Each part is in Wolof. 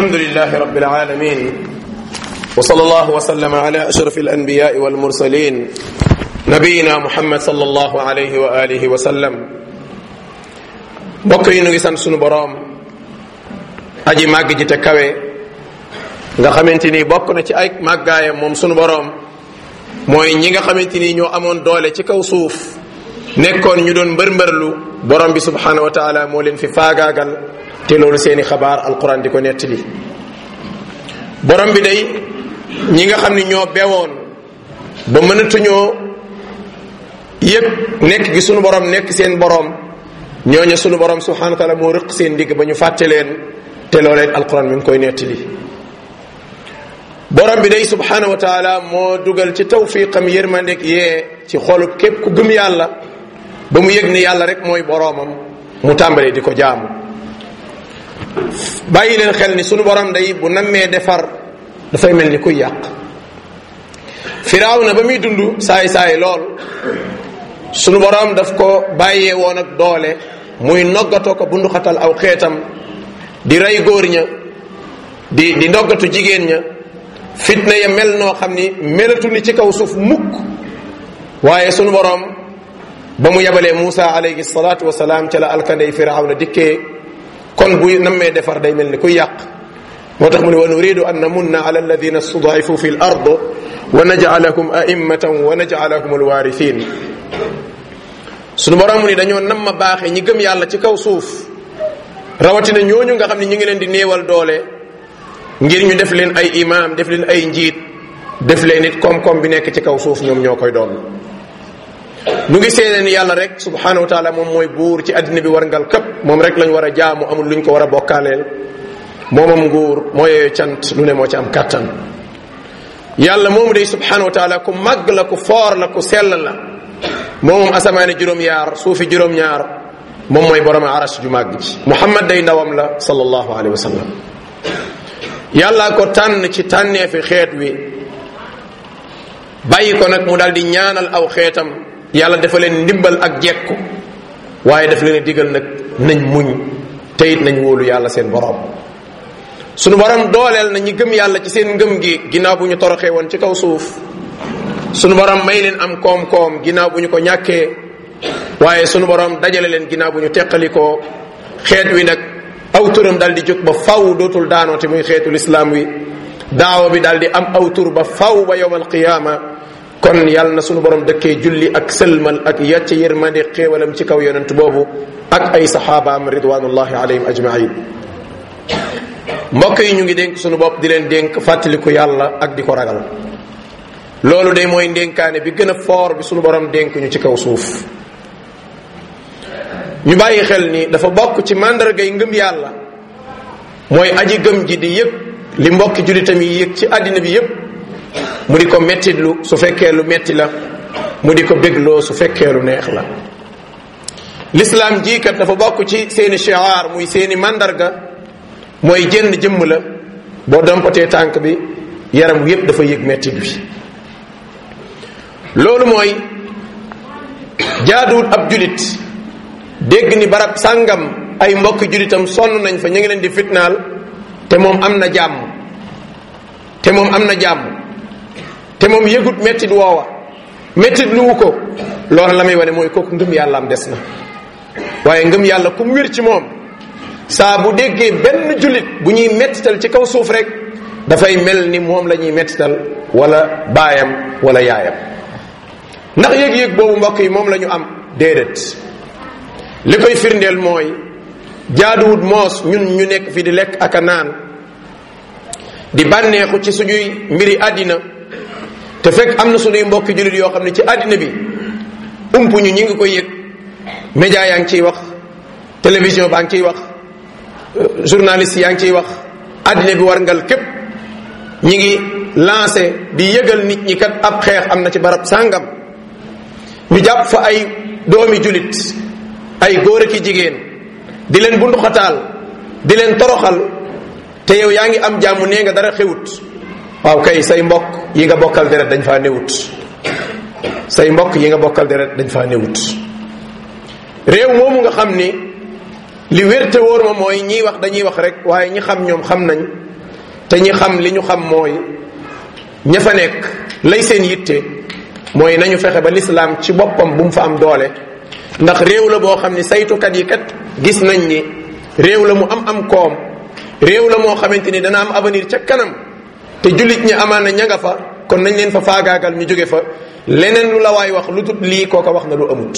الحمد لله رب العالمين وصلى الله وسلم على أشرف الأنبياء والمرسلين نبينا محمد صلى الله عليه yi nu ngi sant sunu aji màgg ji te kawe nga xamante ni bokk na ci ay màggaayam moom sunu boroom mooy ñi nga xamante ni ñoo amoon doole ci kaw suuf nekkoon ñu doon mbër mbërlu boroom bi subhanahu wa taala moo te loolu seeni xabaar alquran di ko nettali borom bi day ñi nga xam ni ñoo bewoon ba mënatuñoo yëpp nekk gi sunu borom nekk seen borom ñooñu sunu borom subhanahu wa taala moo rëq seen digg ba ñu fàtte leen te loolee alquran mi ngi koy nettali borom bi day subhanahu wa moo dugal ci tawfiqam yërmandeeg yee ci xolub képp ku gëm yàlla ba mu yëg ni yàlla rek mooy boromam mu tàmbalee di ko jaamu. bàyyi leen xel ni suñu borom day bu nammee defar dafay mel ni kuy yàq firaaw na ba muy dund saay saay lool sunu borom daf ko bàyyee woon ak doole muy noggatoo ko bunduxatal aw xeetam di rey góor ña di di ndoggatu jigéen ña fitna ya mel noo xam ni melatu ni ci kaw suuf mukk waaye sunu borom ba mu yabalee Muusa alayhi salaatu wa salaam ca la alkanday firaaw na dikkee kon buy nammee defar day mel ni kuy yàq moo tax mu ne wa nuridu an namunna ala alladina istudaifu fi l ard wa najcalahum a'immatan wa najcalahum alwarithin sunu borom mu ni dañoo nam ma baaxee ñi gëm yàlla ci kaw suuf rawatina ñooñu nga xam ne ñu ngi leen di néewal doole ngir ñu def leen ay imaam def leen ay njiit def leen it koom-koom bi nekk ci kaw suuf ñoom ñoo koy doon nu ngi seede ni yàlla rek subhanahu wa taala moom mooy buur ci addina bi war ngal këpp moom rek lañ war a jaamu lu ñu ko war a bokkaaleel moomam nguur mooy yeyoo cant lu ne moo ci am kàttan yàlla moom day subhanahu wa ku màgg la ku foor la ku sell la moomam asamaane juróom-yaar suufi juróom-ñaar moom mooy borom aras ju màgg ji muhammad day ndawam la sallallahu alayhi wa sallam yàlla ko tànn ci tànnee fi xeet wi bàyyi ko nag mu daal di ñaanal aw xeetam yàlla dafa leen ndimbal ak jekku waaye daf leen a digal nag nañ muñ te nañ wóolu yàlla seen borom sunu borom dooleel na ñi gëm yàlla ci seen ngëm gi ginnaaw bu ñu toroxee woon ci kaw suuf sunu borom may leen am koom-koom ginnaaw bu ñu ko ñàkkee waaye sunu borom dajale leen ginnaaw bu ñu teqalikoo xeet wi nag aw turam dal di jóg ba faw dootul daanoo te muy xeetu lislaam wi daawa bi dal di am aw ba faw ba yowmal qiyaama kon yàlla na sunu borom dëkkee julli ak sëlmal ak yàcc yërmande xéewalam ci kaw yonent boobu ak ay saxaabaam ridwanullahi alayhim ajmain mbokk yi ñu ngi dénk sunu bopp di leen dénk fàttaliku yàlla ak di ko ragal loolu de mooy dénkaane bi gën a foor bi sunu borom dénk ñu ci kaw suuf ñu bàyyi xel ni dafa bokk ci màndargay ngëm yàlla mooy aji gëm ji di yëg li mbokki jullitam yi yëg ci àddina bi yëpp mu di ko mettitlu su fekkee lu metti la mu di ko bégloo su fekkee lu neex la lislaam jii kat dafa bokk ci seeni shiar muy seeni màndarga mooy jenn jëmm la boo dompatee tànk bi yaram yépp dafa yëg mettit bi loolu mooy jaaduwut ab julit dégg ni barab sàngam ay mbokki julitam sonn nañ fa ñu ngi leen di fitnaal te moom am na jàmm te moom am na jàmm te moom yëgut mettit woowa mettit luwu ko loolu la muy wane mooy kooku ngëm yàlla am des na waaye ngëm yàlla ku mu ci moom saa bu déggee benn jullit bu ñuy mettital ci kaw suuf rek dafay mel ni moom lañuy ñuy mettital wala baayam wala yaayam ndax yëg-yëg boobu mbokk yi moom lañu am déedéet li koy firndeel mooy jaaduwut moos ñun ñu nekk fi di lekk ak a naan di bànneexu ci suñuy mbiri àddina te fekk am na sunuy mbokki jullit yoo xam ne ci àddina bi ump ñu ñi ngi koy yëg média yaa ngi ciy wax télévision baa ngi ciy wax euh, journalist yaa ngi ciy wax àddina bi warngal képp ñi ngi lancé di yëgal nit ñi kat ab xeex am na ci barab sàngam ñu jàpp fa ay doomi jullit ay góor ak jigéen di leen bunduxataal di leen toroxal te yow yaa ngi am jàmm nee nga dara xewut waaw kay say mbokk yi nga bokkal deret dañ faa newut say mbokk yi nga bokkal deret dañ faa newut réew moomu nga xam ni li wér te wóor ma mooy ñiy wax dañuy wax rek waaye ñi xam ñoom xam nañ te ñi xam li ñu xam mooy ña fa nekk lay seen yitte mooy nañu fexe ba lislaam ci boppam bu mu fa am doole ndax réew la boo xam ni saytukat yi kat gis nañ ni réew la mu am am koom réew la moo xamante ni dana am avenir ca kanam te jullit ñi amaana ña nga fa kon nañ leen fa faagaagal ñu jóge fa leneen lu la waay wax lu tut lii kooka wax na lu amut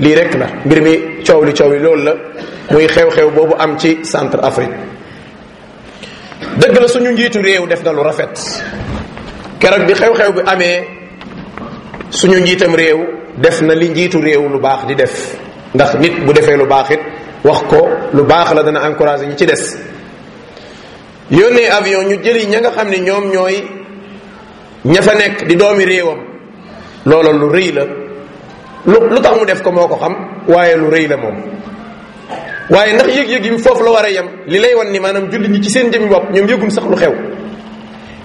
lii rek la mbir mi coow li coow li loolu la muy xew-xew boobu am ci centre Afrique dëgg la suñu njiitu réew def na lu rafet keroog bi xew-xew bi amee suñu njiitam réew def na li njiitu réew lu baax di def ndax nit bu defee lu baaxit wax ko lu baax la dana encouragé ñi ci des yónnee avion ñu jëli ña nga xam ne ñoom ñooy ña fa nekk di doomi réewam loola lu rëy la lu lu tax mu def ko moo ko xam waaye lu rëy la moom waaye ndax yëg-yëg yi foofu la war a yem li lay wan ni maanaam jullit ñi ci seen jëmmi bopp ñoom yëgum sax lu xew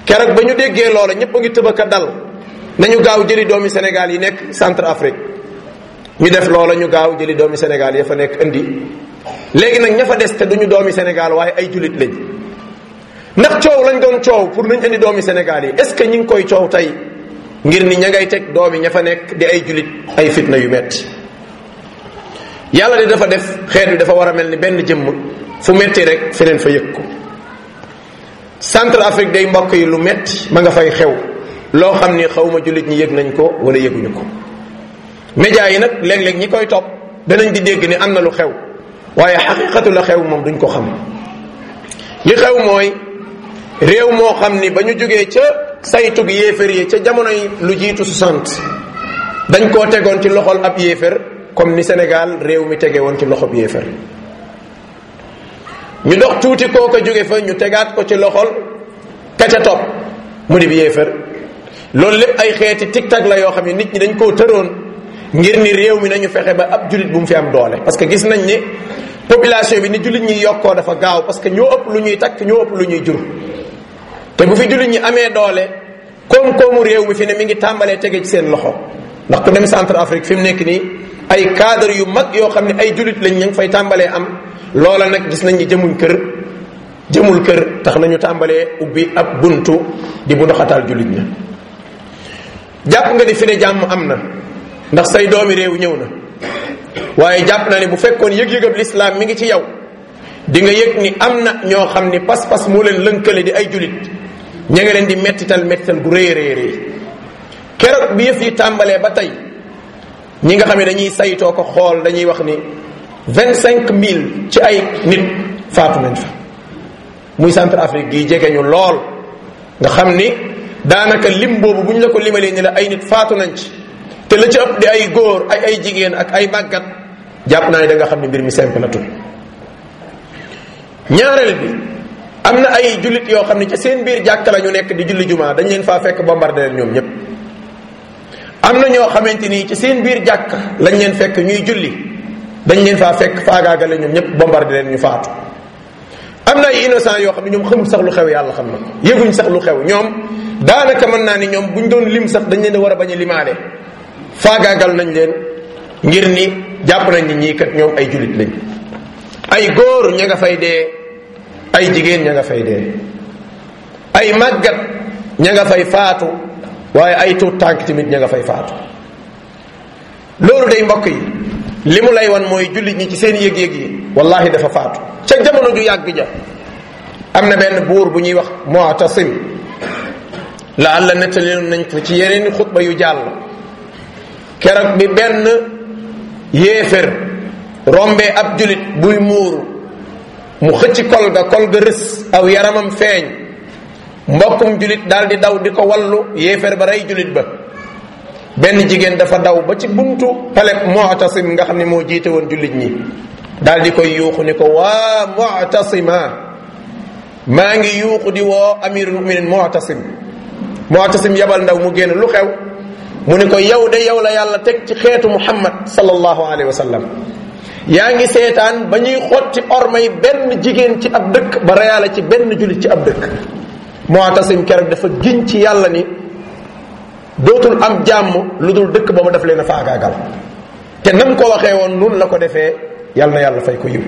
keroog ba ñu déggee loola ñëpp a ngi tëb a dal nañu gaaw jëli doomi senegal yi nekk centre Afrique ñu def loola ñu gaaw jëli doomi senegal ya fa nekk indi léegi nag ña fa des te du duñu doomi Sénégal waaye ay jullit lañ ndax coow lañ doon coow pour nañ indi doomi Sénégal yi est ce que ñi ngi koy coow tey ngir ni ña ngay teg doomi ña fa nekk di ay julit ay fitna yu metti yàlla de dafa def xeet bi dafa war a mel ni benn jëmm fu metti rek feneen fa yëg ko centre Afrique day mbokk yi lu metti ma nga fay xew loo xam ni xawma julit ñi yëg nañ ko wala yëguñu ko médias yi nag léeg-léeg ñi koy topp danañ di dégg ni am na lu xew waaye xaqiqatu la xew moom duñ ko xam li réew moo xam ni ba ñu jógee ca saytug yéefér yi ca jamonoy lu jiitu 60 dañ koo tegoon ci loxol ab yéefér comme ni Sénégal réew mi tege woon ci loxob yéefér ñu dox tuuti koo ko jóge fa ñu tegaat ko ci loxol ka ca topp mu di yéefér loolu lépp ay xeeti tic tak la yoo xam ne nit ñi dañ koo tëroon ngir ni réew mi nañu fexe ba ab jullit bu mu fi am doole parce que gis nañ ni population bi ni jullit ñuy yokkoo dafa gaaw parce que ñoo ëpp lu ñuy takk ñoo ëpp lu ñuy jur te bu fi jullit ñi amee doole koom-koomu réew mi fi ne mi ngi tàmbalee tege ci seen loxo ndax ku dem centre Afrique fi mu nekk nii ay cadre yu mag yoo xam ne ay jullit lañ ñu ngi fay tàmbalee am loola nag gis nañ ni jëmuñ kër jëmul kër tax nañu tàmbalee ubbi ab buntu di bu doxataal jullit ña jàpp nga di fi ne jàmm am na ndax say doomi réew ñëw na waaye jàpp naa ne bu fekkoon yëg-yëgab lislaam mi ngi ci yow di nga yëg ni am na ñoo xam ni pas-pas moo leen lënkale di ay julit ña nga leen di mettital mettital gu rëy rëy rëy bi yëf yi tàmbalee ba tey ñi nga xam ne dañuy saytoo ko xool dañuy wax ni vingt cinq mille ci ay nit faatu nañ fa muy centre Afrique gi jege ñu lool nga xam ni daanaka lim boobu bu ñu la ko limalee ni la ay nit faatu nañ ci te la ci ëpp di ay góor ay ay jigéen ak ay màggat jàpp naa ne da nga xam ne mbir mi simple la tudd ñaareel bi am na ay jullit yoo xam ne ca seen biir jàkk la ñu nekk di julli jumaa dañ leen faa fekk bombardé leen ñoom ñëpp am na ñoo xamante ni ci seen biir jàkk lañ leen fekk ñuy julli dañ leen faa fekk faagaagale ñoom ñëpp bombardé leen ñu faatu am na ay innocent yoo xam ne ñoom xamuñ sax xew yàlla xam na ko sax lu xew ñoom daanaka mën naa ni ñoom buñ doon lim sax dañ leen di war a bañ a limaale faagaagal nañ leen ngir ni jàpp nañ ni ñii kat ñoom ay jullit lañ ay góor ña nga fay dee ay jigéen ña nga fay dee ay màggat ña nga fay faatu waaye ay tuut tànk tamit ña nga fay faatu loolu day mbokk yi li mu lay wan mooy jullit ñi ci seen yëg-yëg yi wallahi dafa faatu ca jamono ju yàgg ja am na benn buur bu ñuy wax Mu'tasim la àlla nettali nañ ko ci yeneen xutba yu jàll keroog bi benn yéefér rombee ab jullit buy muur mu xëcc kol ga kol ga rës aw yaramam feeñ mbokkum julit daal di daw di ko wallu yéeféer ba rey julit ba benn jigéen dafa daw ba ci buntu paleb Mu'tasim nga xam ni moo jiite woon jullit ñi daal di koy yuuxu ni ko waa Mu'tasima maa ngi yuuxu di woo amirul muminin Mu'tasim Mu'tasim yabal ndaw mu génn lu xew mu ni ko yow de yow la yàlla teg ci xeetu Muhammad sallallahu alayhi wa yaa ngi seetaan ba ñuy xotti ormay benn jigéen ci ab dëkk ba reyaale ci benn jullit ci ab dëkk Mu'tasim keroog dafa giñ ci yàlla ni dootul am jàmm lu dul dëkk ba mu def leen a faagaagal te nam ko waxee woon nun la ko defee yàlla yàlla fay ko yiw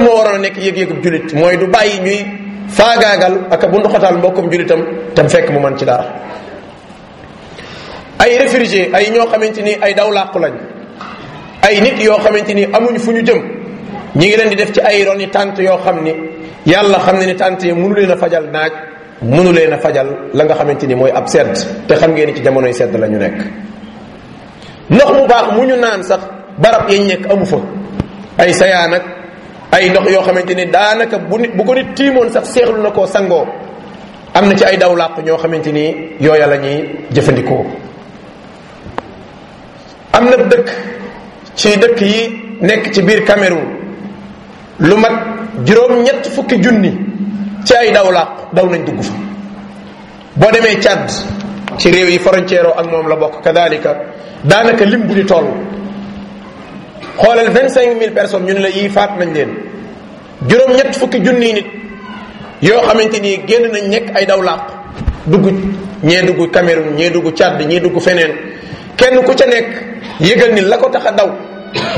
moo waroon a nekk yëg-yëgub jullit mooy du bàyyi ñuy faagaagal ak bu ndoxataal mbokkum jullitam tam fekk mu man ci dara ay réfugié ay ñoo xamante ni ay daw làqu lañ ay nit yoo xamante ni amuñ fu ñu jëm ñi ngi leen di def ci ay roni tànt yoo xam ni yàlla xam ne ni tànt yi mënu leen a fajal naaj mënu leen a fajal la nga xamante ni mooy ab sedd te xam ngeen ci jamonoy sedd lañu nekk ndox mu baax mu ñu naan sax barab yañ nekk amu fa ay sayaan ak ay ndox yoo xamante ni daanaka bu nit bu ko nit tiimoon sax seexlu na koo sangoo am na ci ay daw làpp ñoo xamante ni yooya la ñuy jëfandikoo am na dëkk ci dëkk yi nekk ci biir Cameroun lu mat juróom-ñett fukki junni ci ay daw làqu daw nañ dugg fa boo demee Tchad ci réew yi frontière ak moom la bokk kadalika daanaka lim bu di toll xoolal vingt cinq mille personnes ñu ne la yii faat nañ leen juróom-ñett fukki junni nit yoo xamante ni génn nañ nekk ay daw làqu dugg ñee dugg Cameroun ñee dugg Tchad ñee dugg feneen kenn ku ca nekk yëgal ni la ko tax a daw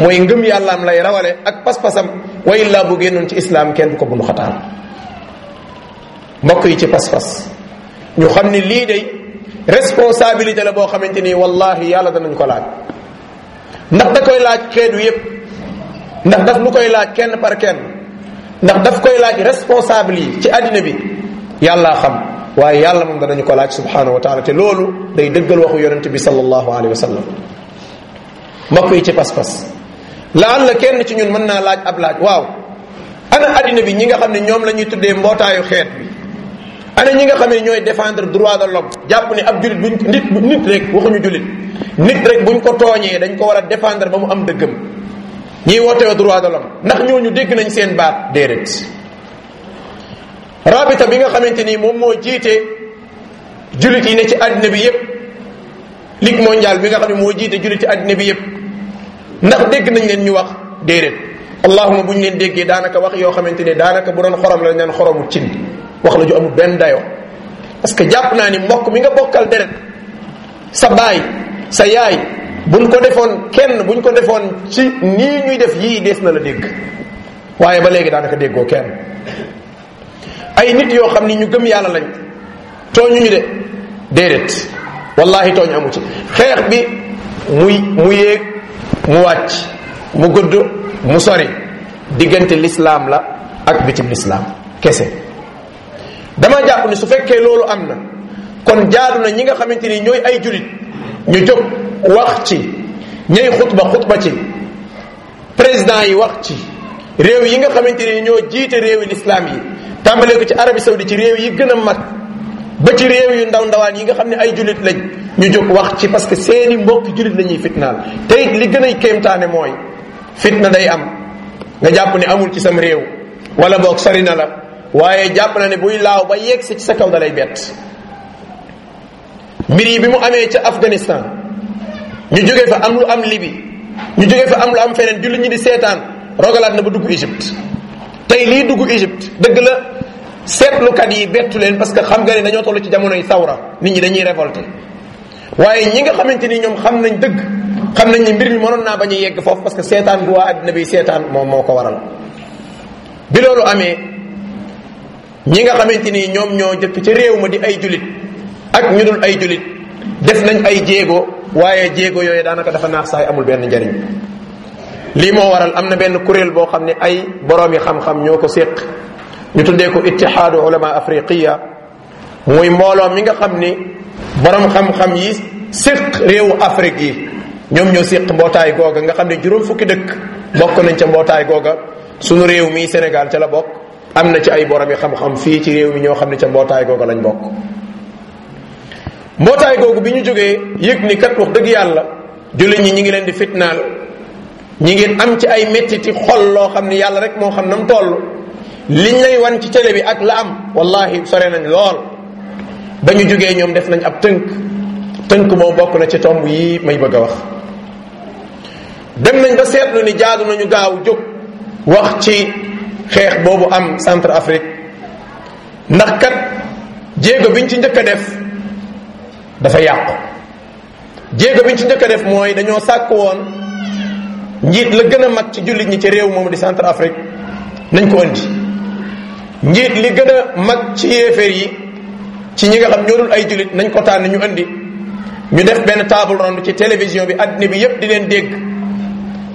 mooy ngëm yàllaam lay rawale ak pas-pasam wa illaa bu génnoon ci islaam kenn du ko bundu xataal mbokk yi ci pas-pas ñu xam ni lii day responsabilité la boo xamante ni wallahi yàlla danañ ko laaj ndax da koy laaj xeetu yépp ndax daf lu koy laaj kenn par kenn ndax daf koy laaj responsable yi ci àddina bi yàlla xam waaye yàlla moom danañu ko laaj subhanahu wa taala te loolu day dëggal waxu yonente bi sallallahu alayhi wa sallam mbokk yi ci pas-pas la an la kenn ci ñun mën naa laaj ab laaj waaw ana addina bi ñi nga xam ne ñoom la ñuy tuddee mbootaayu xeet bi ana ñi nga xam ne ñooy défendre droit de l'homme jàpp ne ab jullit buñ nit nit rek waxuñu jullit nit rek bu buñ ko tooñee dañ ko war a défendre ba mu am dëggam ñiy wootewoo droit de l'homme ndax ñooñu dégg nañ seen baat déedéet rabita bi nga xamante nii moom moo jiite jullit yi ne ci addina bi yépp ligue mondiale bi nga xam ne moo jiite jullit ci àddina bi yépp ndax dégg nañ leen ñu wax déedéet allahuma bu ñu leen déggee daanaka wax yoo xamante ne daanaka bu doon xorom la ñu naan xoromu cin wax la ju amul benn dayoo parce que jàpp naa ni mbokk mi nga bokkal deret sa baay sa yaay buñ ko defoon kenn buñ ko defoon ci nii ñuy def yii dees na la dégg waaye ba léegi daanaka déggoo kenn ay nit yoo xam ni ñu gëm yàlla lañ ñu de déedéet wallahi tooñ amu ci xeex bi muy mu yéeg mu wàcc mu gudd mu sori diggante lislaam la ak bitim lislaam kese dama jàpp ni su fekkee loolu am na kon jaadu na ñi nga xamante ni ñooy ay julit ñu jóg wax ci ñay xutba xutba ci président yi wax ci réew yi nga xamante ni ñoo jiite réewi lislaam yi tàmbale ko ci Arabie Saoudite ci réew yi gën a mag ba ci réew yu ndaw ndawaan yi nga xam ne ay julit lañ ñu jóg wax ci parce que seeni mbokki julit la ñuy fitnaal tey li gën a kéemtaane mooy fitna day am nga jàpp ne amul ci sam réew wala boog sori na la waaye jàpp na ne buy laaw ba yegg si ci sa kaw dalay bett mbir yi bi mu amee ca Afghanistan ñu jógee fa am lu am Libi ñu jógee fa am lu am feneen jullit ñi di seetaan rogalaat na ba dugg Égypte tey lii dugg Égypte dëgg la seetlukat yi bettu leen parce que xam nga ne dañoo toll ci jamonoy sawra nit ñi dañuy révolté waaye ñi nga xamante ni ñoom xam nañ dëgg xam nañ ni mbir mi mënoon naa bañ a yegg foofu que seetaan bu waa addina bi seetaan moom moo ko waral amee ñi nga xamante ni ñoom ñoo jëkk ci réew ma di ay julit ak ñu dul ay julit def nañ ay jéego waaye jéego yooyu daanaka dafa naax saay amul benn njariñ lii moo waral am na benn kuréel boo xam ne ay boroomi xam-xam ñoo ko séq ñu tuddee ko ittihaadu ulama afriqiya muy mbooloom mi nga xam ni borom xam-xam yi séq réewu Afrique yi ñoom ñoo séq mbootaay googa nga xam ne juróom fukki dëkk bokk nañ ca mbootaay googa sunu réew mii Sénégal ca la bokk am na ci ay borom yi xam-xam fii ci réew mi ñoo xam ne ca mbootaay googa lañ bokk mbootaay googu bi ñu jógee yëg ni kat wax dëgg yàlla jullit ñi ñi ngi leen di fitnaal ñi ngi am ci ay mettiti xol loo xam ni yàlla rek moo xam na mu toll liñ lay wan ci télé bi ak la am wallahi sore nañ lool ba ñu jógee ñoom def nañ ab tënk tënk boo bokk na ci tomb yi may bëgg a wax dem nañ ba seetlu ni jaadu nañu gaaw jóg wax ci xeex boobu am centre Afrique ndax kat jéego biñ ci njëkk a def dafa yàqu jéego biñ ci njëkk def mooy dañoo sàkk woon njiit la gën a mag ci jullit ñi ci réew moomu di centre Afrique nañ ko indi njiit li gën a mag ci yéeféer yi ci ñi nga xam ñoo ay julit nañ ko tànn ñu indi ñu def benn taabul ronde ci télévision bi addina bi yépp di leen dégg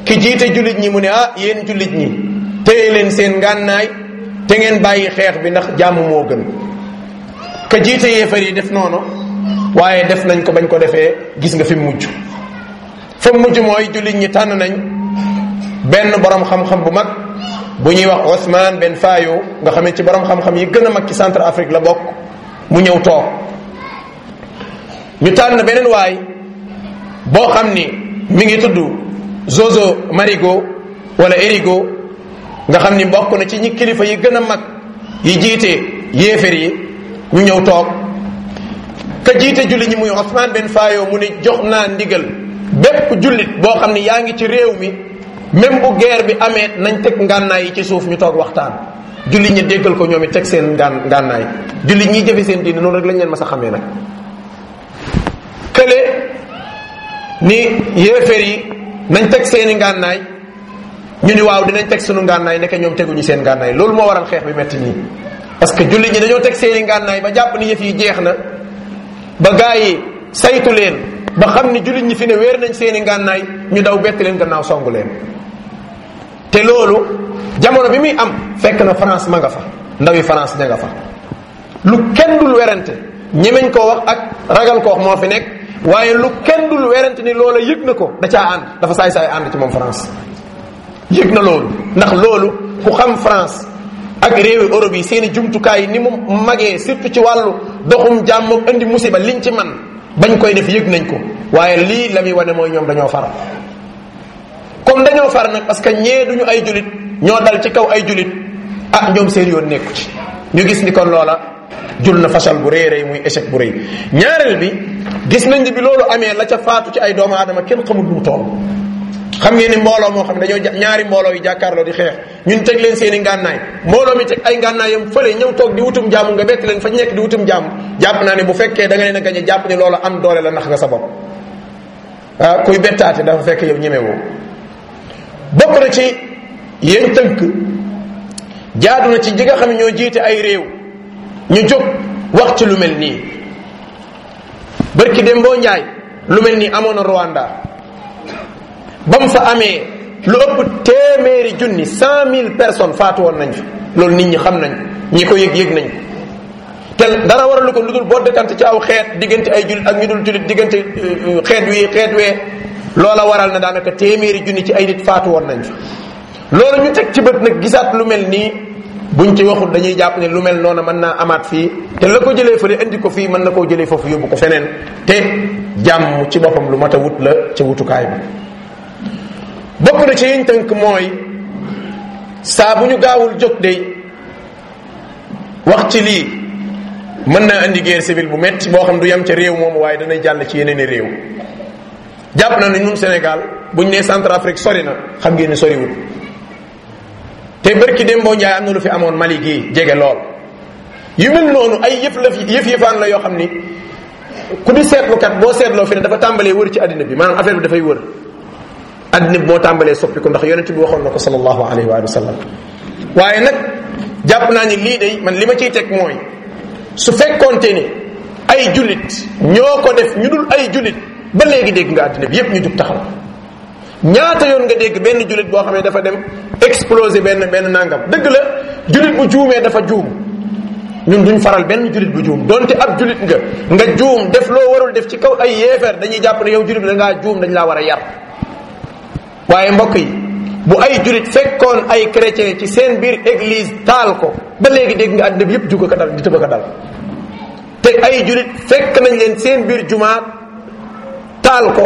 ki jiite julit ñi mu ne ah yéen julit ñi téye leen seen ngànnaay te ngeen bàyyi xeex bi ndax jàmm moo gën ka jiite yéeféer yi def noonu waaye def nañ ko bañ ko defee gis nga fi mujj fa mujj mooy jullit ñi tànn nañ benn borom xam-xam bu mag bu ñuy wax osmaan benn Fayo nga xam ci borom xam-xam yi gën a mag ci centre Afrique la bokk mu ñëw toog ñu tànn beneen waay boo xam ni mi ngi tudd Zozo Marigo wala Erigo nga xam ni bokk na ci ñi kilifa yi gën a mag yi jiite yéefér yi ñu ñëw toog ka jiite julli ñi muy Ousmane Ben Fayo mu ni jox naa ndigal bépp jullit boo xam ni yaa ngi ci réew mi même bu geer bi amee nañ teg ngànnaay yi ci suuf ñu toog waxtaan jullit ñi déggal ko ñoom it teg seen ngaan ngànnaay jullit ñi jëfe seen diine noonu rek lañ leen mas a xamee nag kële ni yéeféer yi nañ teg seeni ngànnaay ñu ni waaw dinañ teg sunu ngànnaay nekk ñoom teguñu seen ngànnaay loolu moo waral xeex bi metti nii parce que jullit ñi dañoo teg seeni ngànnaay ba jàpp ni yëf yi jeex na ba gaa yi saytu leen ba xam ni jullit ñi fi ne wéer nañ seeni ngànnaay ñu daw bett leen gannaaw song leen te loolu jamono bi muy am fekk na France ma nga fa ndawi France ña nga fa lu kenn dul werante ñemeñ koo wax ak ragal ko wax moo fi nekk waaye lu kenn dul werante ni loola yëg na ko da caa ànd dafa saay saay ànd ci moom France yëg na loolu ndax loolu ku xam France ak réewi Europe yi seen i jumtukaay ni mu magee surtout ci wàllu doxum jàmm indi musiba liñ ci man bañ koy def yëg nañ ko waaye lii la muy wane mooy ñoom dañoo fara comme dañoo far nag parce que ñee duñu ay julit ñoo dal ci kaw ay julit ah ñoom seen yoon nekku ci ñu gis ni kon loola jul na fasal bu rëy rëy muy échec bu rëy ñaareel bi gis nañ ni bi loolu amee la ca faatu ci ay doomu aadama kenn xamul lu mu xam ngeen ni mbooloo moo xam ne dañoo ñaari mbooloo yu jàkkaarloo di xeex ñun teg leen seen i ngànnaay mbooloo mi teg ay ngànnaayam fële ñëw toog di wutum jaamu nga bett leen fa nekk di wutum jàmm jàpp naa ne bu fekkee da nga leen a gañe jàpp ni loolu am doole la nax nga sa bopp ah kuy bettaate dafa fekk yow ñemewoo bokk na ci yéen tënk jaadu na ci ñi nga xam ne ñoo jiite ay réew ñu jóg wax ci lu mel nii barki dem boo njaay lu mel nii amoon na Rwanda ba mu fa amee lu ëpp téeméeri junni cent mille personnes faatu woon nañ fi loolu nit ñi xam nañ ñi ko yëg yëg nañ ko te dara lu ko lu dul boo dëkkante ci aw xeet diggante ay jullit ak ñu dul jullit diggante euh, xeet wi xeet wee loola waral na daanaka téeméeri junni ci ay nit faatu woon nañ fi loolu ñu teg ci bët nag gisaat lu mel nii buñ ci waxul dañuy jàpp ne lu mel noonu mën naa amaat fii te la ko jëlee fële indi ko fii mën na koo jëlee foofu yóbbu ko feneen te ci boppam lu mat la ca wutukaay bi bokk ci yiñ mooy saa bu ñu gaawul jóg day wax ci lii mën naa indi guerre civile bu metti boo xam du yem ca réew moom waaye danay jàll ci yeneen i réew jàpp naa ne ñun Sénégal buñ nee Centrafrique sori na xam ngeen ne soriwul te bërki dem boo njaay am na lu fi amoon Mali gii jege lool yu mel noonu ay yëf la fi yëf yëfaan la yoo xam ni ku di seetlukat boo seetloo fi ne dafa tàmbalee wër ci àddina bi maanaam affaire bi dafay wër àddina bi moo tàmbalee soppiku ndax yonent bi waxoon na ko sallallahu alayhi wa sallam waaye nag jàpp naa ni lii day man li ma ciy teg mooy su fekkoon te ni ay julit ñoo ko def ñu dul ay julit ba léegi dégg nga àddina bi yépp ñu jug taxaw ñaata yoon nga dégg benn jullit boo xam ne dafa dem explosé benn benn nangam dëgg la jullit bu juumee dafa juum ñun duñ faral benn jullit bu juum donte ab jullit nga nga juum def loo warul def ci kaw ay yeefeer dañuy jàpp ne yow jullit bi da ngaa juum dañ laa war a yar waaye mbokk yi bu ay jullit fekkoon ay chrétien ci seen biir église taal ko ba léegi dégg nga àddina bi yëpp juga ko dal di tëba ko dal te ay jullit nañ leen seen biir jumaat taal ko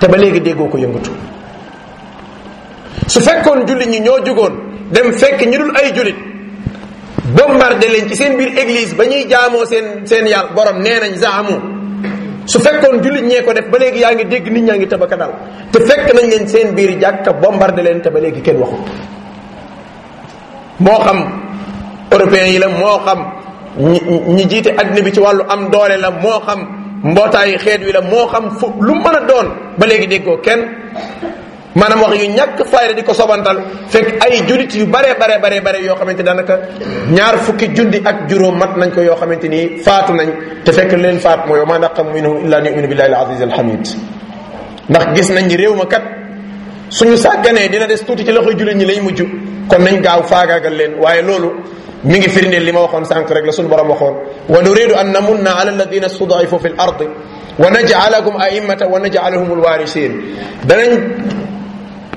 te ba léegi déggoo ko yëngatu su fekkoon jullit ñi ñoo jugoon dem fekk ñu dul ay jullit bombardé leen ci seen biir église ba ñuy jaamoo seen seen yàlla borom nee nañ zaamu su fekkoon jullit ñee ko def ba léegi yaa ngi dégg nit ñaa ngi tabaka dal te fekk nañ leen seen biir jàkka bombardé leen te ba léegi kenn waxut moo xam européens yi la moo xam ñi jiite adduna bi ci wàllu am doole la moo xam mbootaayu xeet wi la moo xam fu lu mën a doon ba léegi déggoo kenn maanaam wax yu ñàkk fayda di ko sobantal fekk ay julit yu bare bare bare bare yoo xamante daanaka ñaar fukki jundi ak juróom mat nañ ko yoo xamante ni faatu nañ te fekk leen faat mooy wa ma naqamu minhum illa an yuminu billahi al aziz al hamid ndax gis nañ ni réew ma kat suñu sàgganee dina des tuuti ci loxoy julit ñi lay mujj kon nañ gaaw faagaagal leen waaye loolu mi ngi firndeel li ma waxoon sànq rek la suñu borom waxoon wa nuridu an na ala alladina studaifu fi l ardi wa najcalakum a'immata wa najcalahum alwarisin danañ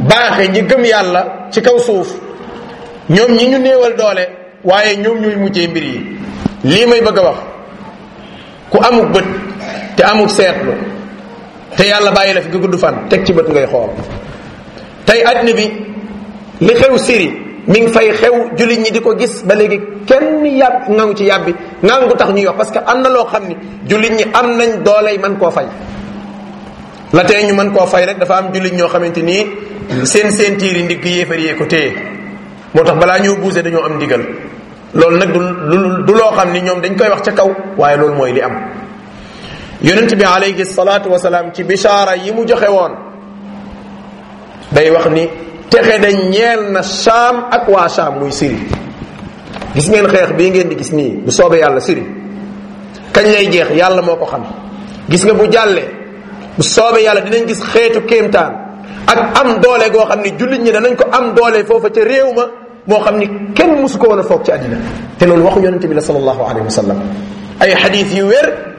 baaxe ñi gëm yàlla ci kaw suuf ñoom ñi ñu néewal doole waaye ñoom ñooy mujjee mbir lii may bëgg a wax ku amuk bët te amuk seetlu te yàlla bàyyi la fi ga gudd fan teg ci bët ngay xool tey àddina bi li xew Syrie mi ngi fay xew jullit ñi di ko gis ba léegi kenn yàbb nangu ci bi yàbbi nangu tax ñuy wax parce que am na loo xam ni jullit ñi am nañ dooley mën koo fay la te ñu mën koo fay rek dafa am jullit ñoo xamante nii seen seen tiiri ndigg yéefar yee ko téye moo tax balaa ñoo buuse dañoo am ndigal loolu nag du loo xam ni ñoom dañ koy wax ca kaw waaye loolu mooy li am yonent bi gis salaatu wasalaam ci bichaara yi mu joxe woon day wax ni texe de ñeel na saam ak waa saam muy siri gis ngeen xeex bii ngeen di gis nii bu soobee yàlla siri kañ lay jeex yàlla moo ko xam gis nga bu jàllee bu soobee yàlla dinañ gis xeetu kéemtaan ak am doole goo xam ni jullit ñi danañ ko am doolee foofa ca réew ma moo xam ni kenn mosu ko woon foog ci àddina te loolu waxu yonente bi la sallallahu alayhi wa sallam ay xadiis yu wér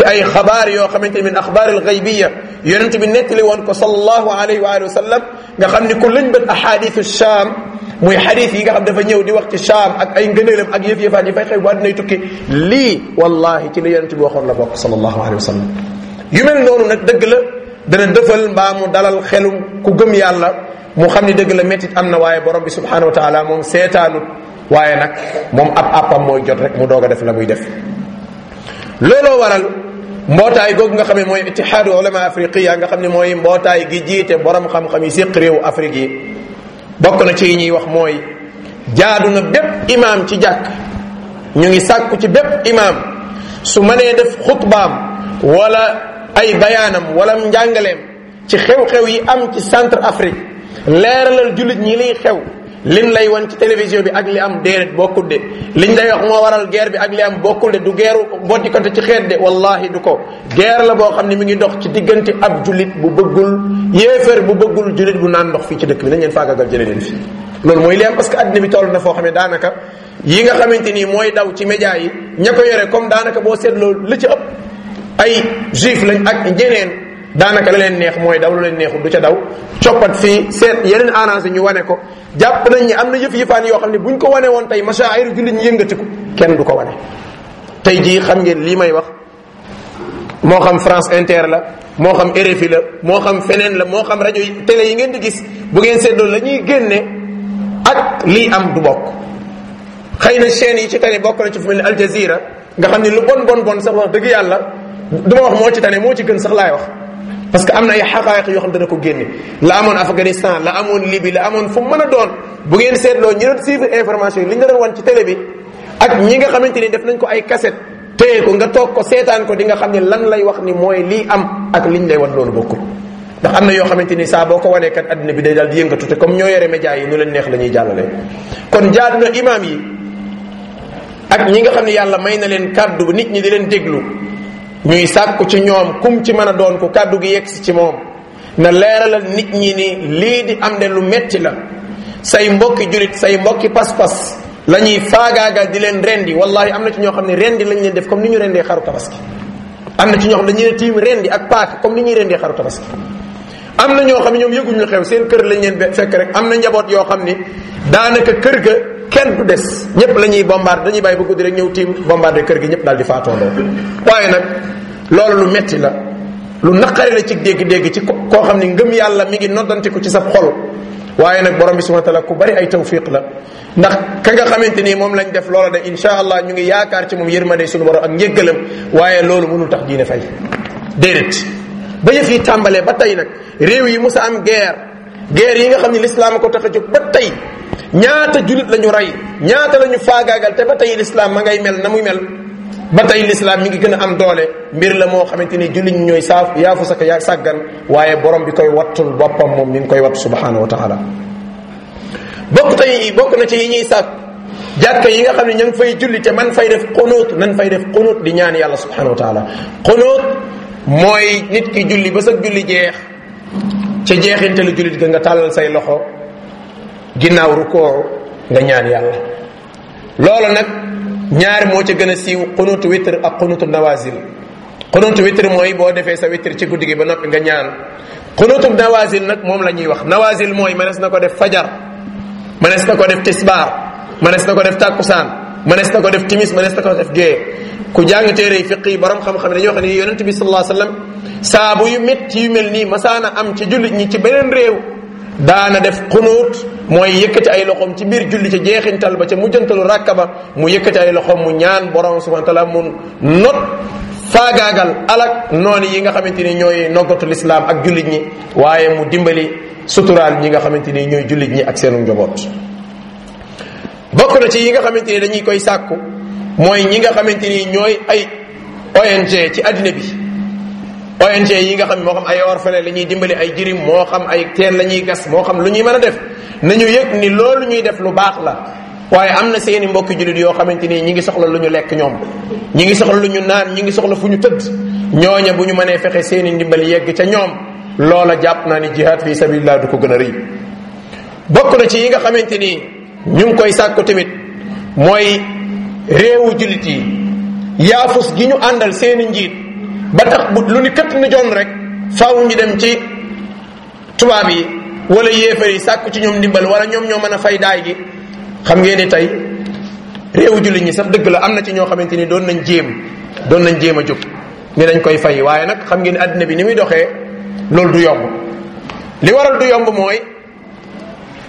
ci ay xabaar yoo xamante ni min axbaar al gaybiya yonent bi nettali woon ko sallallahu alayhi wa sallam nga xam ni ku lëñbët ahadisu Shaam muy xadis yi nga xam dafa ñëw di wax ci Shaam ak ay ngëneelam ak yëf-yëfaat yi fay xew waa dinay tukki lii wallahi ci li yonent bi waxoon la bokk sallallahu alayhi wa sallam yu mel noonu nag dëgg la dana dëfal mbaa mu dalal xelum ku gëm yàlla mu xam ni dëgg la méttit am na waaye borom bi subhanahu wa taala moom seetaanut waaye nag moom ab appam mooy jot rek mu doog a def la muy def mbootaay googu nga xam ne mooy ittihaadu ulama afriqiya nga xam ne mooy mbootaay gi jiite borom xam-xam yi séq réew Afrique yi bokk na ci yi ñuy wax mooy jaadu na bépp imaam ci jàkk ñu ngi sàkku ci bépp imaam su mënee def xutbaam wala ay bayaanam wala njàngaleem ci xew-xew yi am ci centre Afrique leeralal jullit ñi liy xew lin lay wan ci télévision bi ak li am déedéet bokkul de liñ lay wax moo waral geer bi ak li am bokkul de du guerre boddikante ci xeet de wallahi du ko guerre la boo xam ne mi ngi ndox ci diggante ab jullit bu bëggul yéeféer bu bëggul jullit bu naan ndox fii ci dëkk bi nañ leen faagagal jële leen fii loolu mooy li am parce que addina bi toll na foo xam ne daanaka yi nga xamante ni mooy daw ci média yi ña ko yore comme daanaka boo seetloo lu ci ëpp ay juif lañ ak ñeneen daanaka la leen neex mooy daw lu leen neexul du ca daw coppat fii seet yeneen arrangé ñu wane ko jàpp nañ ni am na yëf yëfaan yoo xam ne buñ ko wane woon tey mashaairu jullit ñu yëngatiku kenn du ko wane tey jii xam ngeen lii may wax moo xam France Inter la moo xam RFI la moo xam feneen la moo xam rajo yi télé yi ngeen di gis bu ngeen seetloo la ñuy génne ak lii am du bokk xëy na chaîne yi ci tane bokk na ci fu mel ni Al Jazeera nga xam ne lu bon bon bon sax wax dëgg yàlla du ma moo ci tane moo ci gën sax laay wax parce que am na ay xaqaayiq yoo xam dana ko génne la amoon Afghanistan la amoon Libye la amoon fu mën a doon bu ngeen seetloo ñi doon suivre information yi li ñu doon wan ci télé bi ak ñi nga xamante ni def nañ ko ay cassette téye ko nga toog ko seetaan ko di nga xam ne lan lay wax ni mooy lii am ak ñu lay wan loolu bokkul. ndax am na yoo xamante ni saa boo ko wanee kat adduna bi day daal di yëngatu te comme ñoo yore média yi nu leen neex la ñuy jàllale ñi nga xam ne yàlla may na leen kàddu nit ñi di leen déglu. ñuy sàkku ci ñoom comme ci mën a doon ku kàddu gi yegsi ci moom na leeralal nit ñi ni lii di am de lu metti la say mbokki julit say mbokki pas-pas la ñuy faagaagal di leen rendi wallahi am na ci ñoo xam ne rendi lañ leen def comme ni ñu rendee xaru tabaski am na ci ñoo xam ne dañu ne ak paak comme ni ñuy rendee xaru tabaski am na ñoo xam ne ñoom yëguñu xew seen kër lañ leen fekk rek am na njaboot yoo xam ne daanaka kër ga kenn du des ñëpp la ñuy bombardé dañuy bàyyi ba guddi rek ñëw tiim bombardé kër gi ñëpp daal di faatoondoo waaye nag loolu lu metti la lu naqari la ci dégg-dégg ci ko koo xam ne ngëm yàlla mi ngi ko ci sa xol waaye nag borom bi subhanahu wa taala ku bari ay tawfiq la ndax ka nga xamante nii moom lañ def loola de insha allah ñu ngi yaakaar ci moom yërmande suñu borom ak njëggalam waaye loolu mënul tax diine fay déedéet ba yëf yi tàmbalee ba tey nag réew yi musa am guerre guerre yi nga xam ne lislaam ko tax a jóg ba tey ñaata julit lañu ñu rey ñaata la faagaagal te ba tey lislaam ma ngay mel na muy mel ba tey lislaam mi ngi gën a am doole mbir la moo xamante ni jullit ñi ñooy saaf yaafu saka yaa sàggan waaye borom bi koy wattul boppam moom ñu ngi koy wattu subhanahu wa taala bokk tey bokk na ci yi ñuy sàkk jàkka yi nga xam ne ña ngi fay julli te man fay def qunut nañ fay def qunut di ñaan yàlla subhanahu wa taala mooy nit ki julli ba sa julli jeex ca jeexinte la jullit ga nga tàllal say loxo ginnaaw rukoo nga ñaan yàlla loolu nag ñaar moo ci gën a siiw xunutu witr ak xunutu nawazil xunutu witr mooy boo defee sa witr ci guddi gi ba noppi nga ñaan xunutu nawazil nag moom la ñuy wax nawazil mooy mënees na ko def fajar mënees na ko def tisbaar mënees na ko def tàkkusaan mënees na ko def timis mënees na ko def gée ku jàng téere yi fiq yi borom xam-xam dañuy wax ne yonent bi sallallahu alayhi wasallam saa bu yu métti yu mel nii a am ci jullit ñi ci beneen réew daana def xunuut mooy yëkkati ay loxoom ci biir julli ca jeexintal ba ca mujjantalu ràkka ba mu yëkkati ay loxoom mu ñaan borom subhanahu wa taala mu not faagaagal noonu yi nga xamante ni ñooy noggatu lislaam ak jullit ñi waaye mu dimbali suturaal ñi nga xamante ni ñooy jullit ñi ak seenu njoboot bokk na ci yi nga xamante ni dañuy koy sàkku mooy ñi nga xamante ni ñooy ay ONG ci addina bi ONG yi nga xam moo xam ay orphelins la ñuy dimbali ay jirim moo xam ay teen la ñuy gas moo xam lu ñuy mën a def nañu yëg ni loolu ñuy def lu baax la waaye am na seeni mbokki jullit yoo xamante ni ñi ngi soxla lu ñu lekk ñoom ñi ngi soxla lu ñu naan ñi ngi soxla fu ñu tëdd ñooña bu ñu mënee fexe seeni ndimbal yegg ca ñoom loola jàpp naa ni jihad fi sabilillah du ko gën a rëy bokk na ci yi nga xamante ni ñu ngi koy sàkku tamit mooy réewu jullit yi yaafus gi ñu àndal seeni njiit ba tax bu lu ni këtt ni joon rek faw ñu dem ci tubaab yi wala yéefar yi sàkku ci ñoom ndimbal wala ñoom ñoo mën a fay daay gi xam ngeen ni tey réewu jullit ñi sax dëgg la am na ci ñoo xamante ni doon nañ jéem doon nañ jéem a jóg ni dañ koy fay waaye nag xam ngeen ni àddina bi ni muy doxee loolu du yomb li waral du yomb mooy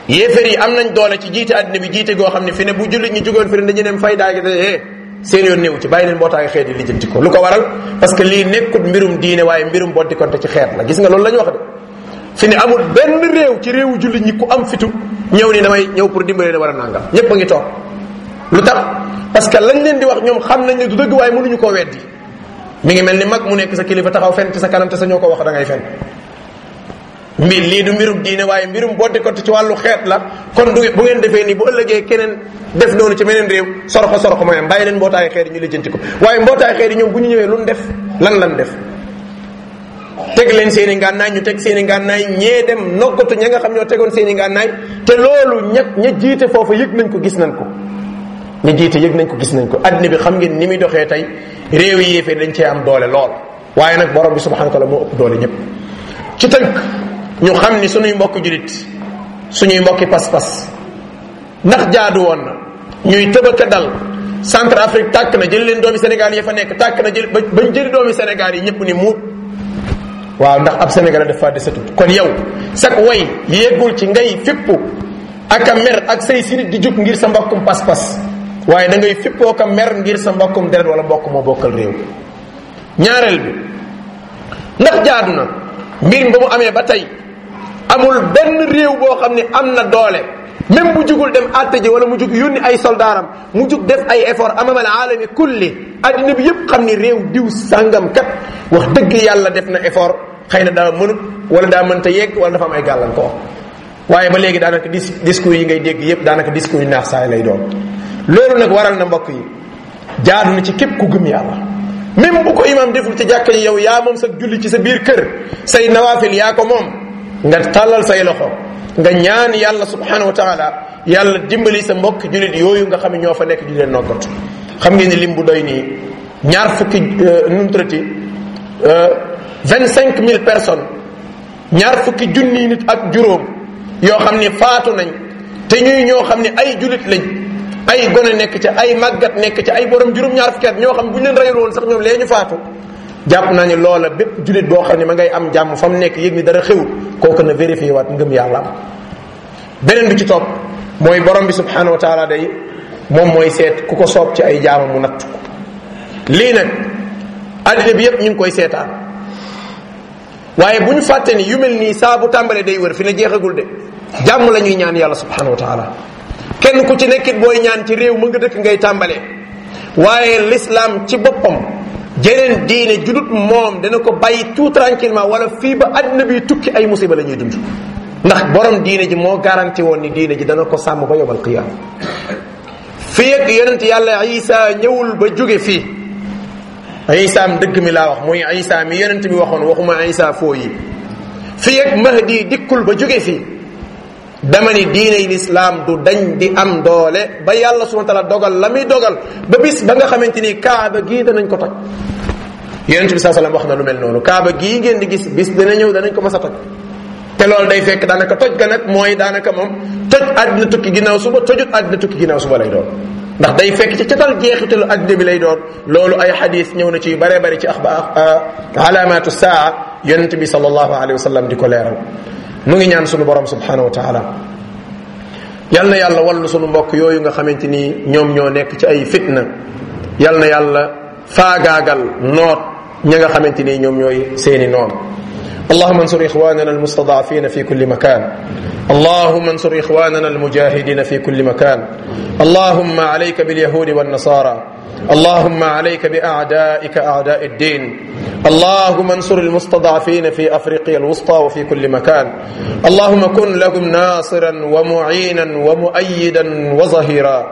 yéefar yi am nañ doole ci jiite àddina bi jiite goo xam ne fi ne bu jullit ñi jugoon fi ne dañu dem fay daay gi eh, seen yoon néew ci bàyyi leen mbootaay xeet yi lijjanti ko lu ko waral parce que lii nekkut mbirum diine waaye mbirum boddikonte ci xeet la gis nga loolu la ñu wax de fi ne amul benn réew ci réewu julli ñi ku am fitu ñëw ni damay ñëw pour dimbale ne war a nangam ñépp a ngi toog lu tax parce que lañ leen di wax ñoom xam nañ ne du dëgg waaye mënuñu koo weddi mi ngi mel ni mag mu nekk sa kilifa taxaw fenn ci sa kanam te sa ñoo ko wax da ngay fenn mbir lii du mbirum diine waaye mbirum boddikatu ci wàllu xeet la kon du bu ngeen defee nii bu ëllëgee keneen def noonu ci meneen réew soroxo soroxo mooy am bàyyi leen mbootaayu xeet yi ñu lijjanti ko waaye mbootaayu xeet yi ñoom bu ñu def lan lan def leen seen i ñu teg seen i ngànnaay ñee dem noggatu ña nga xam ñoo tegoon seen i ngànnaay te loolu ña ña jiite foofu yëg nañ ko gis nañ ko ña jiite yëg nañ ko gis nañ ko adduna bi xam ngeen ni muy doxee tey réew yi yéefee cee am doole lool waaye nag borom bi subhanahu wa taala moo ëpp doole ñëpp ci tënk ñu xam ni suñuy mbokk julit suñuy mbokki pas-pas ndax jaadu woon na ñuy tëbaka dal centre Afrique tàkk na jëli leen doomi Sénégal yi fa nekk tàkk na jël bañ jëli doomi Sénégal yi ñëpp ni muut waaw ndax ab Sénégal dafa desatut kon yow sak way yéegul ci ngay fippu ak a mer ak say sirit di jug ngir sa mbokkum pas-pas waaye da ngay fippoo mer ngir sa mbokkum deret wala mbokk moo bokkal réew ñaareel bi ndax jaadu na mbir ba mu amee ba tey amul benn réew boo xam ne am na doole même bu jugul dem àtte ji wala mu jug yónni ay soldaaram mu jug def ay effort amam al aalami kulli addina bi yëpp xam ni réew diw sàngam kat wax dëgg yàlla def na effort xëy na daa mënut wala daa mënta yegg wala dafa am ay gàllankoor waaye ba léegi daanaka dis discours yi ngay dégg yëpp daanaka discours yi naax saay lay doon loolu nag waral na mbokk yi jaadu na ci képp ku gëm yàlla même bu ko imam deful ci jàkka yow yaa moom sa julli ci sa biir kër say nawaafil yaa ko moom nga tàllal say loxo nga ñaan yàlla subhanahu wa taala yàlla dimbali sa mbokk jullit yooyu nga xam ne ñoo fa nekk di leen noggatu xam ngeen ni lim bu doy nii ñaar fukki euh, nuntrati euh, vingt cinq mille personnes ñaar fukki junni nit ak juróom yoo xam ni faatu nañ te ñuy ñoo xam ni ay jullit lañ ay gone nekk ci ay màggat nekk ca ay borom juróom ñaar fukki at ñoo xam bu ñu leen reyul woon sax ñoom lee ñu faatu jàpp naa ne loola bépp jullit boo xam ni ma ngay am jàmm fa mu nekk yëg ni dara xewut kooku na vérifié waat ngëm yàlla beneen bi ci toog mooy borom bi subhanahu wa day moom mooy seet ku ko soob ci ay jaama mu natt ko lii nag addina bi yëpp ñu ngi koy seetaan waaye bu ñu fàtte ni yu mel nii saabu tàmbalee day wër fi ne jeexagul de jàmm la ñuy ñaan yàlla subhanahu wa kenn ku ci nekkit booy ñaan ci réew mu nga dëkk ngay tàmbalee waaye lislaam ci boppam jeneen diine judut moom dana ko bàyyi tout tranquillement wala fii ba àddina bi tukki ay musiba la ñuy dund ndax borom diine ji moo garanti woon ni diine ji dana ko sàmm ba yobal qiyaam fi ak yonent yàlla isa ñëwul ba jóge fii isa am dëgg mi laa wax muy isa mi yonent mi waxoon waxuma isa foo yi fii ak mahdi dikkul ba jóge fii dama ni diiney lislaam du dañ di am doole ba yàlla subhanahu wa taala dogal la muy dogal ba bis ba nga xamante ni kaaba gii danañ ko toj yonente bi saa salaam wax na lu mel noonu kaaba gii ngeen di gis bis dana ñëw danañ ko mas a toj te loolu day fekk daanaka toj ga nag mooy daanaka moom toj àddina tukki ginnaaw suba tojut àddina tukki ginnaaw suba lay doon ndax day fekk ci catal jeexitalu àddina bi lay doon loolu ay xadis ñëw na ci yu bare bare ci axbaar ah, alaamatu saa yonente bi sallallahu alayhi wa sallam di ko leeral nu ngi ñaan sunu borom subhanahu wa taala yal na yàlla wallu sunu mbokk yooyu nga xamante ni ñoom ñoo nekk ci ay fitna yal na yàlla faagaagal noot ña nga xamante ni ñoom ñooy seeni noon اللهم انصر اخواننا المستضعفين في كل مكان اللهم انصر اخواننا المجاهدين في كل مكان اللهم عليك باليهود والنصارى اللهم عليك باعدائك اعداء الدين اللهم انصر المستضعفين في افريقيا الوسطى وفي كل مكان اللهم كن لهم ناصرا ومعينا ومؤيدا وظهيرا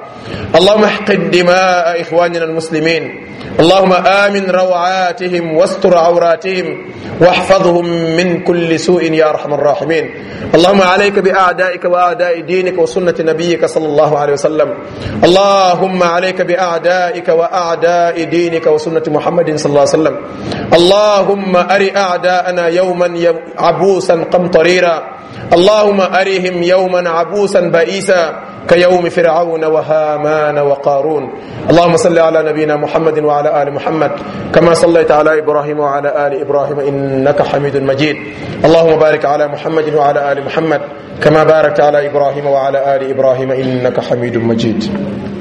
اللهم احقن دماء اخواننا المسلمين اللهم امن روعاتهم واستر عوراتهم واحفظهم من كل سوء يا ارحم الراحمين اللهم عليك باعدائك واعداء دينك وسنه نبيك صلى الله عليه وسلم اللهم عليك باعدائك أعدائك وأعداء دينك وسنة محمد صلى الله عليه وسلم اللهم أر أعداءنا يوما عبوسا قمطريرا اللهم أرهم يوما عبوسا بئيسا كيوم فرعون وهامان وقارون اللهم صل على نبينا محمد وعلى آل محمد كما صليت على إبراهيم وعلى آل إبراهيم إنك حميد مجيد اللهم بارك على محمد وعلى آل محمد كما باركت على إبراهيم وعلى آل إبراهيم إنك حميد مجيد